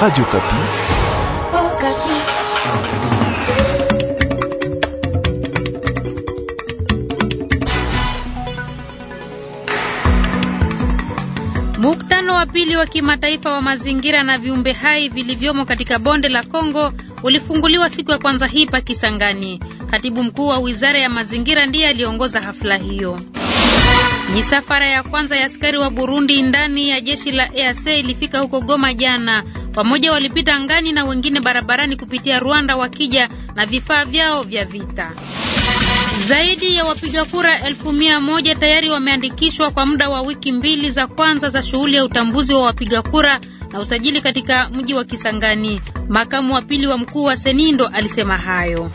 Radio Kapi. Oh, Kapi. Mkutano wa pili wa kimataifa wa mazingira na viumbe hai vilivyomo katika bonde la Kongo ulifunguliwa siku ya kwanza hii pa Kisangani. Katibu mkuu wa Wizara ya Mazingira ndiye aliongoza hafla hiyo. Misafara ya kwanza ya askari wa Burundi ndani ya jeshi la EAC ilifika huko Goma jana. Pamoja walipita angani na wengine barabarani kupitia Rwanda wakija na vifaa vyao vya vita. Zaidi ya wapiga kura elfu mia moja tayari wameandikishwa kwa muda wa wiki mbili za kwanza za shughuli ya utambuzi wa wapiga kura na usajili katika mji wa Kisangani. Makamu wa pili wa mkuu wa Senindo alisema hayo.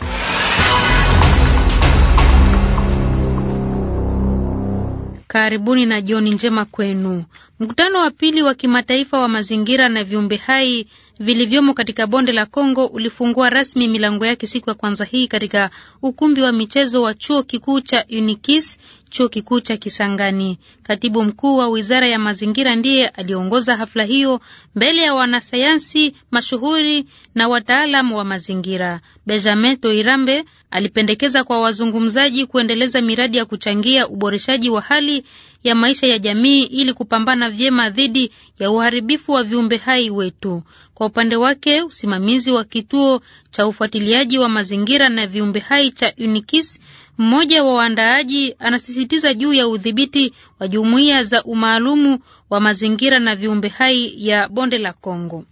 Karibuni na jioni njema kwenu. Mkutano wa pili wa kimataifa wa mazingira na viumbe hai vilivyomo katika bonde la Kongo ulifungua rasmi milango yake siku ya kwanza hii katika ukumbi wa michezo wa chuo kikuu cha Unikis chuo kikuu cha Kisangani. Katibu mkuu wa wizara ya mazingira ndiye aliongoza hafla hiyo mbele ya wanasayansi mashuhuri na wataalamu wa mazingira. Benjamin Toirambe alipendekeza kwa wazungumzaji kuendeleza miradi ya kuchangia uboreshaji wa hali ya maisha ya jamii ili kupambana vyema dhidi ya uharibifu wa viumbe hai wetu. Kwa upande wake, usimamizi wa kituo cha ufuatiliaji wa mazingira na viumbe hai cha UNIKIS mmoja wa waandaaji anasisitiza juu ya udhibiti wa jumuiya za umaalumu wa mazingira na viumbe hai ya bonde la Kongo.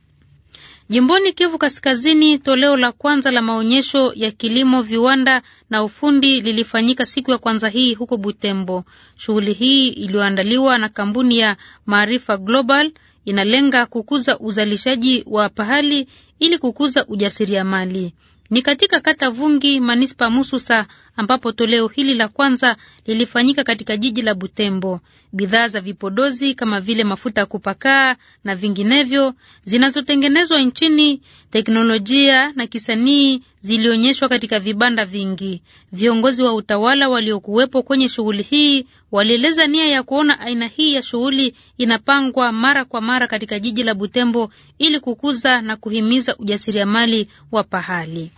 Jimboni Kivu Kaskazini, toleo la kwanza la maonyesho ya kilimo, viwanda na ufundi lilifanyika siku ya kwanza hii huko Butembo. Shughuli hii iliyoandaliwa na kampuni ya Maarifa Global inalenga kukuza uzalishaji wa pahali ili kukuza ujasiriamali. Ni katika kata Vungi, manispa Mususa, ambapo toleo hili la kwanza lilifanyika katika jiji la Butembo. Bidhaa za vipodozi kama vile mafuta ya kupakaa na vinginevyo zinazotengenezwa nchini, teknolojia na kisanii zilionyeshwa katika vibanda vingi. Viongozi wa utawala waliokuwepo kwenye shughuli hii walieleza nia ya kuona aina hii ya shughuli inapangwa mara kwa mara katika jiji la Butembo ili kukuza na kuhimiza ujasiriamali wa pahali.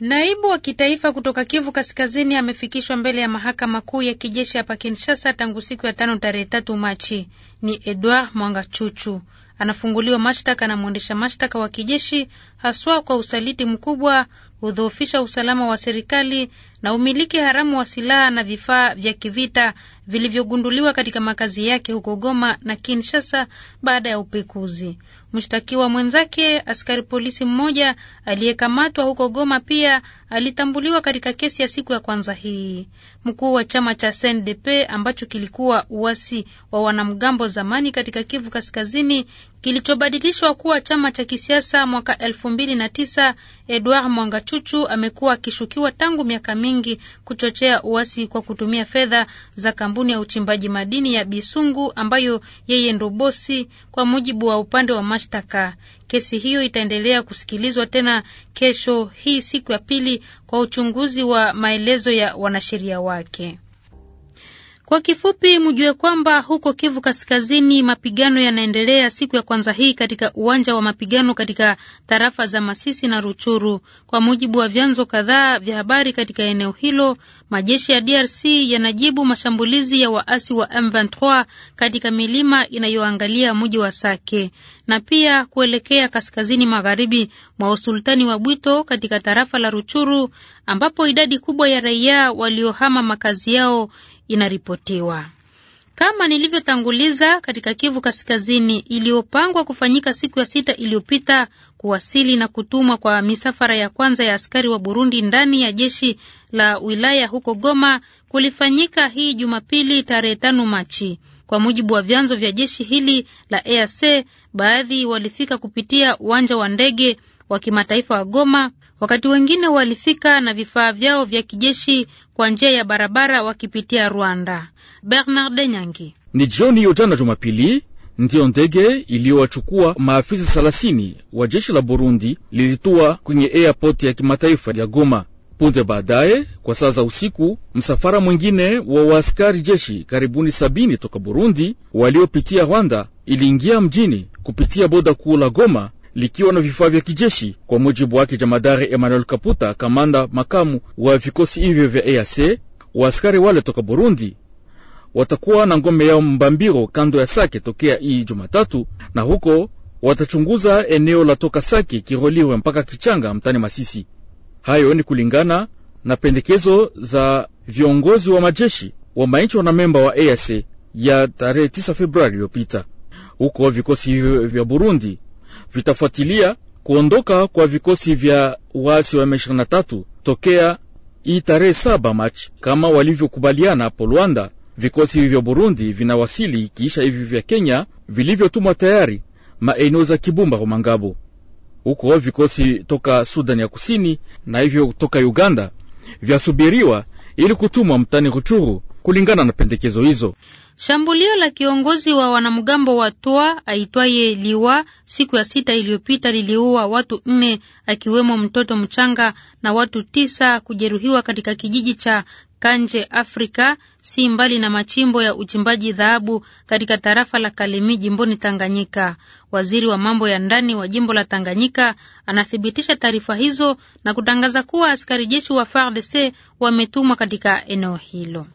Naibu wa kitaifa kutoka Kivu Kaskazini amefikishwa mbele ya mahakama kuu ya kijeshi hapa Kinshasa tangu siku ya tano tarehe tatu Machi. Ni Edouard Mwangachuchu anafunguliwa mashtaka na mwendesha mashtaka wa kijeshi haswa kwa usaliti mkubwa, hudhoofisha usalama wa serikali na umiliki haramu wa silaha na vifaa vya kivita vilivyogunduliwa katika makazi yake huko Goma na Kinshasa baada ya upekuzi. Mshtakiwa mwenzake, askari polisi mmoja aliyekamatwa huko Goma, pia alitambuliwa katika kesi ya siku ya kwanza hii. Mkuu wa chama cha CNDP ambacho kilikuwa uasi wa wanamgambo zamani katika Kivu Kaskazini kilichobadilishwa kuwa chama cha kisiasa mwaka elfu mbili na tisa, Edouard Mwangachuchu amekuwa akishukiwa tangu miaka mingi kuchochea uasi kwa kutumia fedha za kampuni ya uchimbaji madini ya Bisungu ambayo yeye ndo bosi, kwa mujibu wa upande wa mashtaka. Kesi hiyo itaendelea kusikilizwa tena kesho hii siku ya pili kwa uchunguzi wa maelezo ya wanasheria wake. Kwa kifupi, mjue kwamba huko Kivu Kaskazini mapigano yanaendelea siku ya kwanza hii katika uwanja wa mapigano katika tarafa za Masisi na Ruchuru. Kwa mujibu wa vyanzo kadhaa vya habari katika eneo hilo, majeshi ya DRC yanajibu mashambulizi ya waasi wa M23 katika milima inayoangalia mji wa Sake na pia kuelekea kaskazini magharibi mwa usultani wa Bwito katika tarafa la Ruchuru ambapo idadi kubwa ya raia waliohama makazi yao inaripotiwa. Kama nilivyotanguliza katika Kivu Kaskazini, iliyopangwa kufanyika siku ya sita iliyopita, kuwasili na kutumwa kwa misafara ya kwanza ya askari wa Burundi ndani ya jeshi la wilaya huko Goma kulifanyika hii Jumapili tarehe tano Machi. Kwa mujibu wa vyanzo vya jeshi hili la EAC, baadhi walifika kupitia uwanja wa ndege wa kimataifa wa Goma wakati wengine walifika na vifaa vyao vya kijeshi kwa njia ya barabara wakipitia Rwanda. Bernard Nyangi. Ni jioni ya jana Jumapili ndiyo ndege iliyowachukua maafisa thelathini wa jeshi la Burundi lilitua kwenye airport ya kimataifa ya Goma. Punde baadaye, kwa saa za usiku, msafara mwingine wa waaskari jeshi karibuni sabini toka Burundi waliopitia Rwanda iliingia mjini kupitia boda kuu la Goma likiwa na vifaa vya kijeshi. Kwa mujibu wake jamadari Emmanuel Kaputa, kamanda makamu wa vikosi hivyo vya EAC, waaskari wale toka Burundi watakuwa na ngome yao Mbambiro kando ya Sake tokea hii Jumatatu, na huko watachunguza eneo la toka Sake Kiroliwe mpaka Kichanga mtani Masisi. Hayo ni kulingana na pendekezo za viongozi wa majeshi wa mainchi memba wa EAC ya tarehe 9 Februari iliyopita. Huko vikosi hivyo vya Burundi vitafuatilia kuondoka kwa vikosi vya waasi wa M23 tokea hii tarehe saba Machi kama walivyokubaliana hapo Rwanda. Vikosi vya Burundi vinawasili kiisha hivi vya Kenya vilivyotumwa tayari maeneo za Kibumba kwa Mangabo. Huko vikosi toka Sudan ya Kusini na hivyo toka Uganda vyasubiriwa ili kutumwa mtani Ruchuru kulingana na pendekezo hizo. Shambulio la kiongozi wa wanamgambo wa Toa aitwaye Liwa siku ya sita iliyopita liliua watu nne akiwemo mtoto mchanga na watu tisa kujeruhiwa katika kijiji cha Kanje Afrika si mbali na machimbo ya uchimbaji dhahabu katika tarafa la Kalemi jimboni Tanganyika. Waziri wa mambo ya ndani wa jimbo la Tanganyika anathibitisha taarifa hizo na kutangaza kuwa askari jeshi wa FARDC wametumwa katika eneo hilo.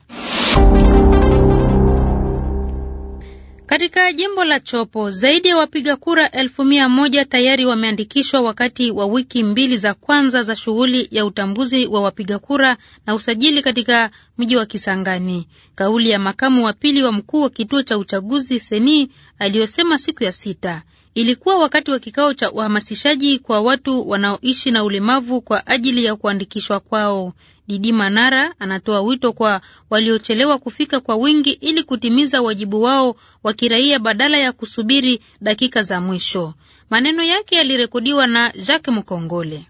Katika jimbo la Chopo zaidi ya wapiga kura elfu mia moja tayari wameandikishwa wakati wa wiki mbili za kwanza za shughuli ya utambuzi wa wapiga kura na usajili katika mji wa Kisangani. Kauli ya makamu wa pili wa mkuu wa kituo cha uchaguzi Seni aliyosema siku ya sita ilikuwa wakati wa kikao cha uhamasishaji kwa watu wanaoishi na ulemavu kwa ajili ya kuandikishwa kwao. Didi Manara anatoa wito kwa waliochelewa kufika kwa wingi ili kutimiza wajibu wao wa kiraia badala ya kusubiri dakika za mwisho. Maneno yake yalirekodiwa na Jacques Mukongole.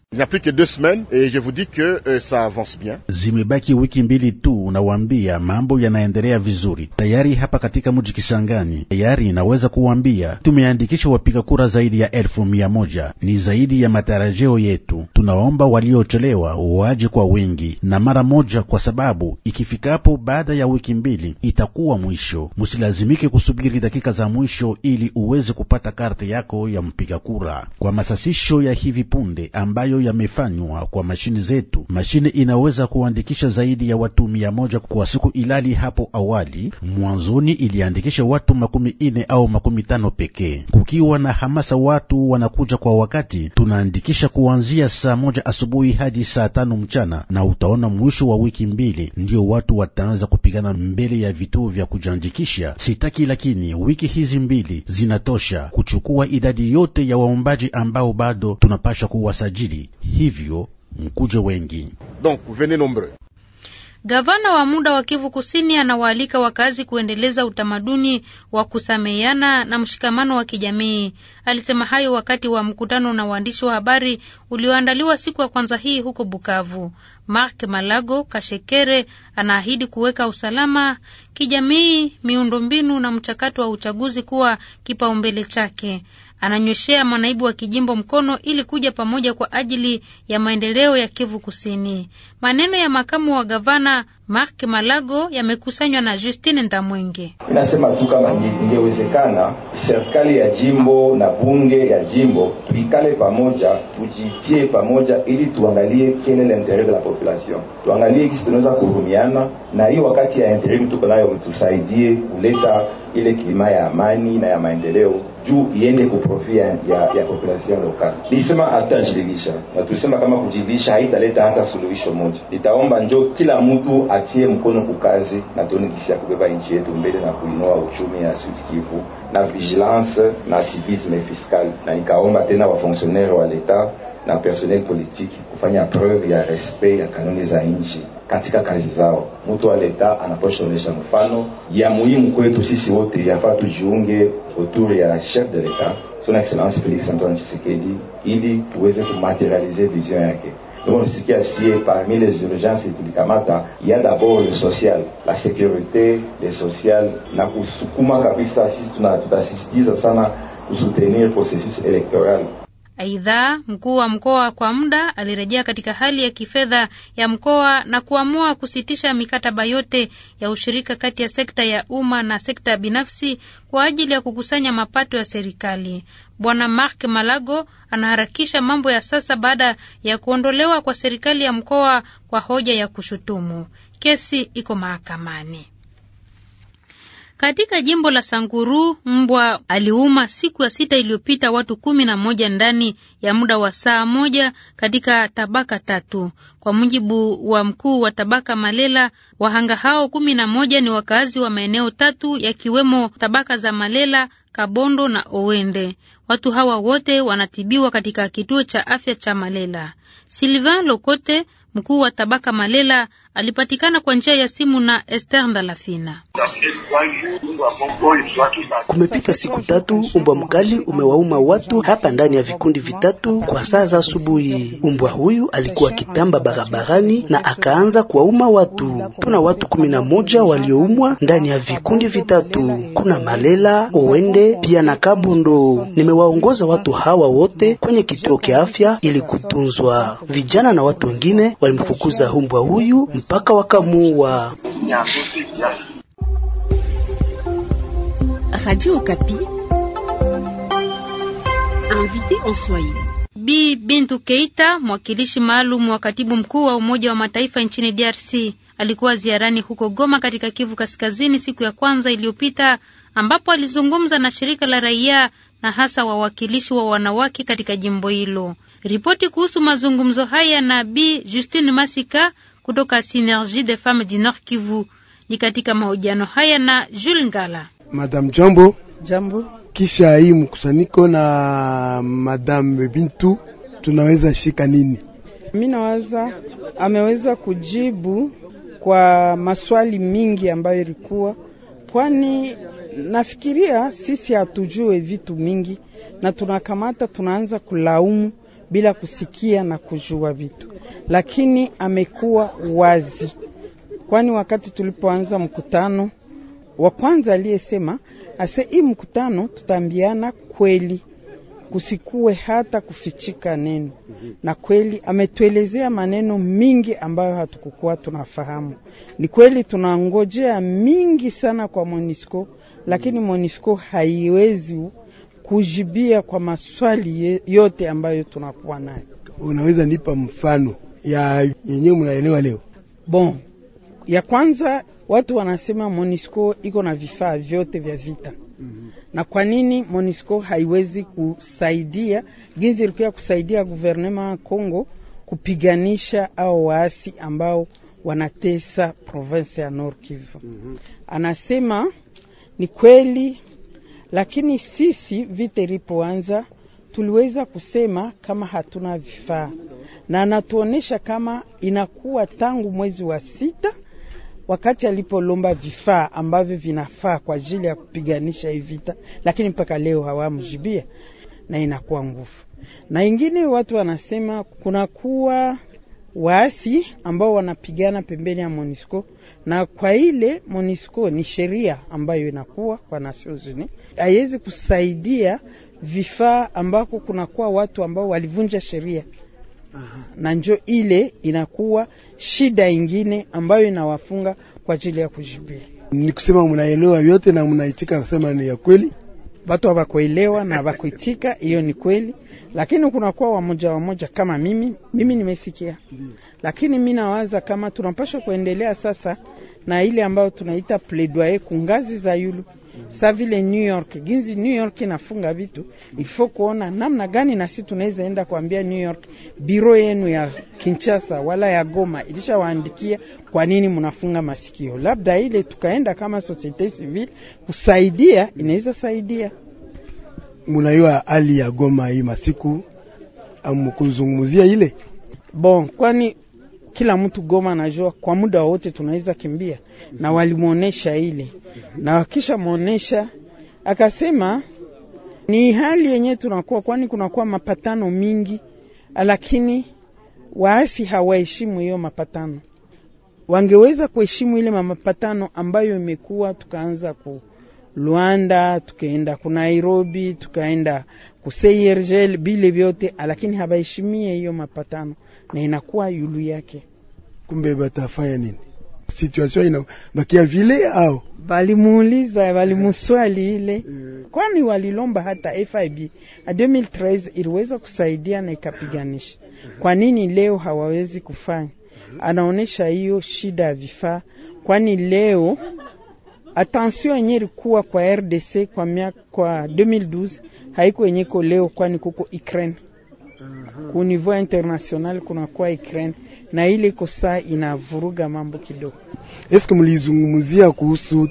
Zimebaki wiki mbili tu, unawambia mambo yanaendelea vizuri tayari. Hapa katika mji Kisangani tayari naweza kuwambia tumeandikisha wapiga kura zaidi ya elfu mia moja. Ni zaidi ya matarajio yetu. Tunaomba waliochelewa waje kwa wingi na mara moja, kwa sababu ikifikapo baada ya wiki mbili itakuwa mwisho. Musilazimike kusubiri dakika za mwisho ili uweze kupata karte yako ya mpiga kupiga kura. Kwa masasisho ya hivi punde ambayo yamefanywa kwa mashine zetu, mashine inaweza kuandikisha zaidi ya watu mia moja kwa siku, ilali hapo awali mwanzoni iliandikisha watu makumi ine au makumi tano pekee. Kukiwa na hamasa, watu wanakuja kwa wakati, tunaandikisha kuanzia saa moja asubuhi hadi saa tano mchana, na utaona mwisho wa wiki mbili ndio watu wataanza kupigana mbele ya vituo vya kujiandikisha. Sitaki, lakini wiki hizi mbili zinatosha kuchukua idadi yote yote ya waombaji ambao bado tunapasha kuwasajili, hivyo mkuje wengi. Donc, venez nombreux. Gavana wa muda wa Kivu Kusini anawaalika wakazi kuendeleza utamaduni wa kusameheana na mshikamano wa kijamii. Alisema hayo wakati wa mkutano na waandishi wa habari ulioandaliwa siku ya kwanza hii huko Bukavu. Mark Malago Kashekere anaahidi kuweka usalama kijamii, miundombinu na mchakato wa uchaguzi kuwa kipaumbele chake ananyoshea manaibu wa kijimbo mkono ili kuja pamoja kwa ajili ya maendeleo ya Kivu Kusini. Maneno ya makamu wa gavana Mark Malago yamekusanywa na Justine Ndamwenge. Inasema tu kama ingewezekana serikali ya jimbo na bunge ya jimbo tuikale pamoja, tujitie pamoja ili tuangalie kile la intere de la population, tuangalie kisi tunaweza kuhurumiana na hii wakati ya interim tuko nayo, mtusaidie kuleta ile kilima ya amani na ya maendeleo juu iende kuprofia ya, ya population Nisema hata hatajiridhisha na tusema kama kujiridhisha haitaleta hata suluhisho moja. Itaomba njo kila mtu atie mkono kukazi na tuone kisi ya kubeba nchi yetu mbele na kuinua uchumi ya Sud Kivu na vigilance na civisme fiscal, na nikaomba tena wafonctionnaire wa leta na personnel politique kufanya preuve ya respect ya kanuni za nchi katika kazi zao. Mtu wa leta anaposhaonesha mfano ya muhimu kwetu sisi wote, yafaa tujiunge autour ya chef de leta son excellence Felix Antoine Tshisekedi ili tuweze kumaterialize vision yake. Nisikia sie parmi les urgences tulikamata ya d'abord le social, la sécurité le social na kusukuma kabisa, sisi tutasisitiza sana kusutenir processus electoral Aidha, mkuu wa mkoa kwa muda alirejea katika hali ya kifedha ya mkoa na kuamua kusitisha mikataba yote ya ushirika kati ya sekta ya umma na sekta binafsi kwa ajili ya kukusanya mapato ya serikali. Bwana Mark Malago anaharakisha mambo ya sasa baada ya kuondolewa kwa serikali ya mkoa kwa hoja ya kushutumu. Kesi iko mahakamani. Katika jimbo la Sanguru, mbwa aliuma siku ya sita iliyopita watu kumi na moja ndani ya muda wa saa moja katika tabaka tatu. Kwa mujibu wa mkuu wa tabaka Malela, wahanga hao kumi na moja ni wakazi wa maeneo tatu yakiwemo tabaka za Malela, Kabondo na Owende. Watu hawa wote wanatibiwa katika kituo cha afya cha Malela. Sylvain Lokote, mkuu wa tabaka Malela, alipatikana kwa njia ya simu na Esther Ndalafina. Kumepita siku tatu, umbwa mkali umewauma watu hapa ndani ya vikundi vitatu kwa saa za asubuhi. Umbwa huyu alikuwa akitamba barabarani na akaanza kuwauma watu. Tuna watu kumi na moja walioumwa ndani ya vikundi vitatu, kuna Malela, Owende pia na Kabundo. Nimewaongoza watu hawa wote kwenye kituo cha afya ili kutunzwa. Vijana na watu wengine walimfukuza umbwa huyu mpaka wakamuua. Radio invité en Bi Bintu Keita, mwakilishi maalum wa katibu mkuu wa Umoja wa Mataifa nchini DRC, alikuwa ziarani huko Goma katika Kivu Kaskazini siku ya kwanza iliyopita, ambapo alizungumza na shirika la raia na hasa wawakilishi wa wanawake katika jimbo hilo. Ripoti kuhusu mazungumzo haya na Bi Justine Masika kutoka Synergie des Femmes du Nord Kivu. Ni katika mahojiano haya na Jules Ngala. Madam Jambo. Jambo. Kisha hii mkusanyiko na Madam Bintu tunaweza shika nini? Mimi nawaza ameweza kujibu kwa maswali mingi ambayo ilikuwa, kwani nafikiria sisi hatujue vitu mingi na tunakamata tunaanza kulaumu bila kusikia na kujua vitu, lakini amekuwa wazi, kwani wakati tulipoanza mkutano wa kwanza aliyesema ase hii mkutano tutaambiana kweli, kusikue hata kufichika neno. Na kweli ametuelezea maneno mingi ambayo hatukukuwa tunafahamu. Ni kweli tunangojea mingi sana kwa Monisco, lakini Monisco haiwezi kujibia kwa maswali yote ambayo tunakuwa nayo. Unaweza nipa mfano ya yenye mnaelewa leo? Bon, ya kwanza watu wanasema Monisco iko na vifaa vyote vya vita mm -hmm. na kwa nini Monisco haiwezi kusaidia ginzi ilikuwa kusaidia guvernema ya Kongo kupiganisha au waasi ambao wanatesa province ya Nord Kivu mm -hmm. Anasema ni kweli lakini sisi vita ilipoanza tuliweza kusema kama hatuna vifaa, na anatuonesha kama inakuwa tangu mwezi wa sita wakati alipolomba vifaa ambavyo vinafaa kwa ajili ya kupiganisha hii vita, lakini mpaka leo hawamjibia na inakuwa nguvu. Na ingine watu wanasema kunakuwa waasi ambao wanapigana pembeni ya MONUSCO na kwa ile MONUSCO ni sheria ambayo inakuwa kwa Nations Unies, haiwezi kusaidia vifaa ambako kunakuwa watu ambao walivunja sheria na njo ile inakuwa shida ingine ambayo inawafunga kwa ajili ya kujibia. Ni kusema mnaelewa vyote na mnaitika kusema ni ya kweli, watu hawakuelewa na hawakuitika, hiyo ni kweli. Lakini kunakuwa wamoja wamoja kama mimi, mimi nimesikia, lakini mi nawaza kama tunapashwa kuendelea sasa na ile ambayo tunaita plaidoyer kungazi za yulu sa vile New York ginzi New York inafunga vitu, ifo kuona namna gani nasi tunaweza enda kuambia New York, biro yenu ya Kinshasa wala ya Goma ilishawaandikia kwa nini mnafunga masikio. Labda ile tukaenda kama societe civile kusaidia, inaweza saidia. Munaiwa hali ya Goma hii masiku amkuzungumzia ile bon, kwani kila mtu Goma anajua kwa muda wote tunaweza kimbia, na walimwonesha ile, na wakisha mwonesha akasema ni hali yenyewe tunakuwa, kwani kunakuwa mapatano mingi, lakini waasi hawaheshimu hiyo mapatano. Wangeweza kuheshimu ile mapatano ambayo imekuwa, tukaanza ku Luanda, tukaenda ku Nairobi, tukaenda ku CIRGL, bile vyote, lakini habaheshimie hiyo mapatano na inakuwa yulu yake. Kumbe batafanya nini? Situation inabakia vile au Walimuuliza, walimuswali eh. ile, eh. kwani walilomba hata FIB a 2013 iliweza kusaidia na ikapiganisha. Eh. Kwa nini leo hawawezi kufanya? Anaonesha hiyo shida ya vifaa, kwani leo atensio yenye ilikuwa kwa RDC kwa miaka kwa 2012 haiko yenyeko leo, kwani kuko Ukraine. Mhm. ku niveau international kunakuwa Ukraine na ile kosa inavuruga mambo kidogo. que mlizungumzia kuhusu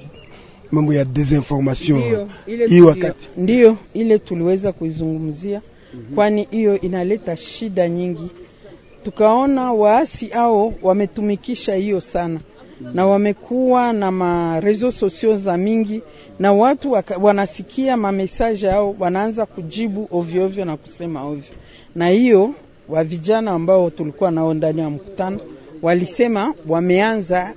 mambo ya desinformation hii wakati? Ndio ile tuliweza kuizungumzia mm -hmm. Kwani hiyo inaleta shida nyingi, tukaona waasi ao wametumikisha hiyo sana mm -hmm. na mhm. wamekuwa na marezo sosio za mingi na watu waka, wanasikia mamesaje ao wanaanza kujibu ovyoovyo na kusema ovyo na hiyo wa vijana ambao tulikuwa nao ndani ya mkutano walisema wameanza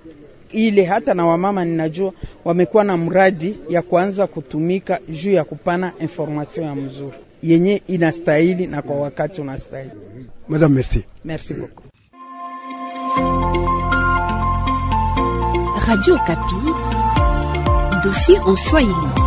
ile hata na wamama ninajua wamekuwa na mradi ya kuanza kutumika juu ya kupana information ya mzuri yenye inastahili na kwa wakati unastahili. Madam, merci. Merci beaucoup. Radio Kapi, dossier en Swahili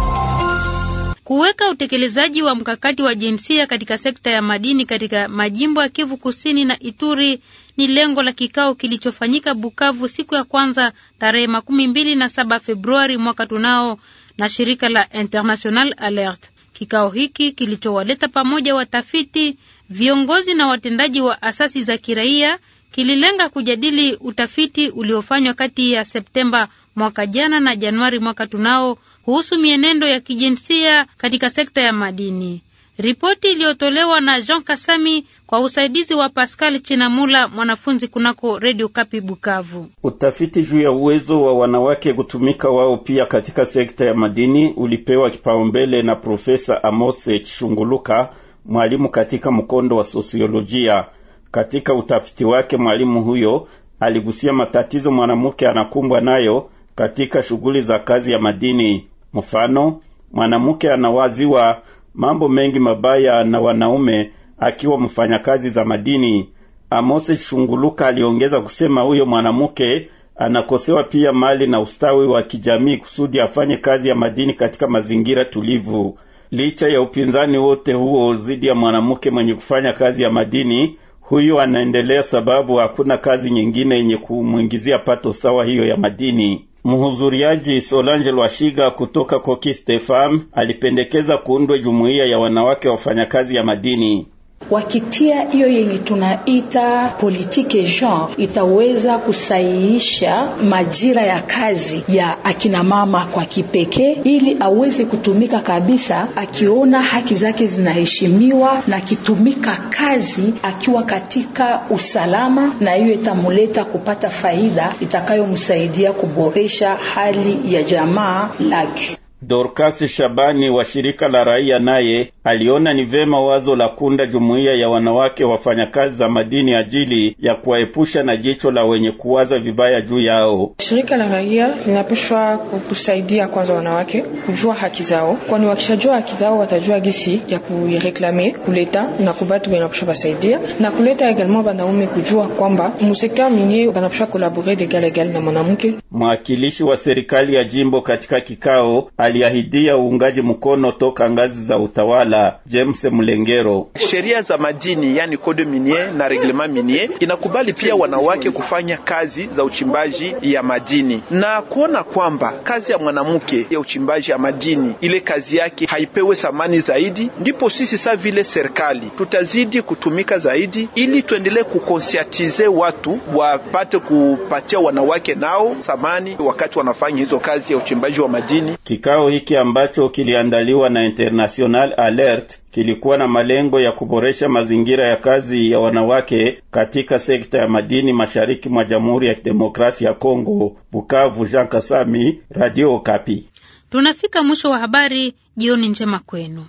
kuweka utekelezaji wa mkakati wa jinsia katika sekta ya madini katika majimbo ya Kivu Kusini na Ituri ni lengo la kikao kilichofanyika Bukavu siku ya kwanza tarehe makumi mbili na saba Februari mwaka tunao na shirika la International Alert. Kikao hiki kilichowaleta pamoja watafiti, viongozi na watendaji wa asasi za kiraia kililenga kujadili utafiti uliofanywa kati ya Septemba mwaka jana na Januari mwaka tunao kuhusu mienendo ya kijinsia katika sekta ya madini. Ripoti iliyotolewa na Jean Kasami kwa usaidizi wa Pascal Chinamula mwanafunzi kunako Radio Kapi Bukavu. Utafiti juu ya uwezo wa wanawake kutumika wao pia katika sekta ya madini ulipewa kipaumbele na Profesa Amose Chunguluka, mwalimu katika mkondo wa sosiolojia. Katika utafiti wake, mwalimu huyo aligusia matatizo mwanamke anakumbwa nayo katika shughuli za kazi ya madini. Mfano, mwanamke anawaziwa mambo mengi mabaya na wanaume akiwa mfanyakazi za madini. Amose Shunguluka aliongeza kusema huyo mwanamke anakosewa pia mali na ustawi wa kijamii kusudi afanye kazi ya madini katika mazingira tulivu. Licha ya upinzani wote huo dhidi ya mwanamke mwenye kufanya kazi ya madini, Huyu anaendelea sababu hakuna kazi nyingine yenye kumwingizia pato sawa hiyo ya madini. Mhudhuriaji Solange Lwashiga kutoka Kokistefam alipendekeza kuundwe jumuiya ya wanawake wafanyakazi ya madini. Wakitia hiyo yenye tunaita politike genre, itaweza kusaiisha majira ya kazi ya akinamama kwa kipekee, ili aweze kutumika kabisa, akiona haki zake zinaheshimiwa na akitumika kazi akiwa katika usalama, na hiyo itamuleta kupata faida itakayomsaidia kuboresha hali ya jamaa lake. Dorcas Shabani wa shirika la raia naye aliona ni vema wazo la kunda jumuiya ya wanawake wafanyakazi za madini ajili ya kuwaepusha na jicho la wenye kuwaza vibaya juu yao. Shirika la raia linapashwa kusaidia kwanza wanawake kujua haki zao, kwani wakishajua haki zao watajua gisi ya kuireklame kuleta na kubatu banapasha basaidia na kuleta egalema banaume kujua kwamba musekta mingi banapasha kolabore de gal egal na mwanamke. Mwakilishi wa serikali ya jimbo katika kikao ali aliahidia uungaji mkono toka ngazi za utawala. James Mlengero: sheria za madini yani code minier na reglement minier inakubali pia wanawake kufanya kazi za uchimbaji ya madini na kuona kwamba kazi ya mwanamke ya uchimbaji ya madini ile kazi yake haipewe thamani zaidi, ndipo sisi saa vile serikali tutazidi kutumika zaidi ili tuendelee kukonsiatize watu wapate kupatia wanawake nao thamani wakati wanafanya hizo kazi ya uchimbaji wa madini Kika Kikao hiki ambacho kiliandaliwa na International Alert kilikuwa na malengo ya kuboresha mazingira ya kazi ya wanawake katika sekta ya madini mashariki mwa Jamhuri ya Kidemokrasia ya Kongo. Bukavu, Jean Kasami, Radio Kapi. Tunafika mwisho wa habari. Jioni njema kwenu.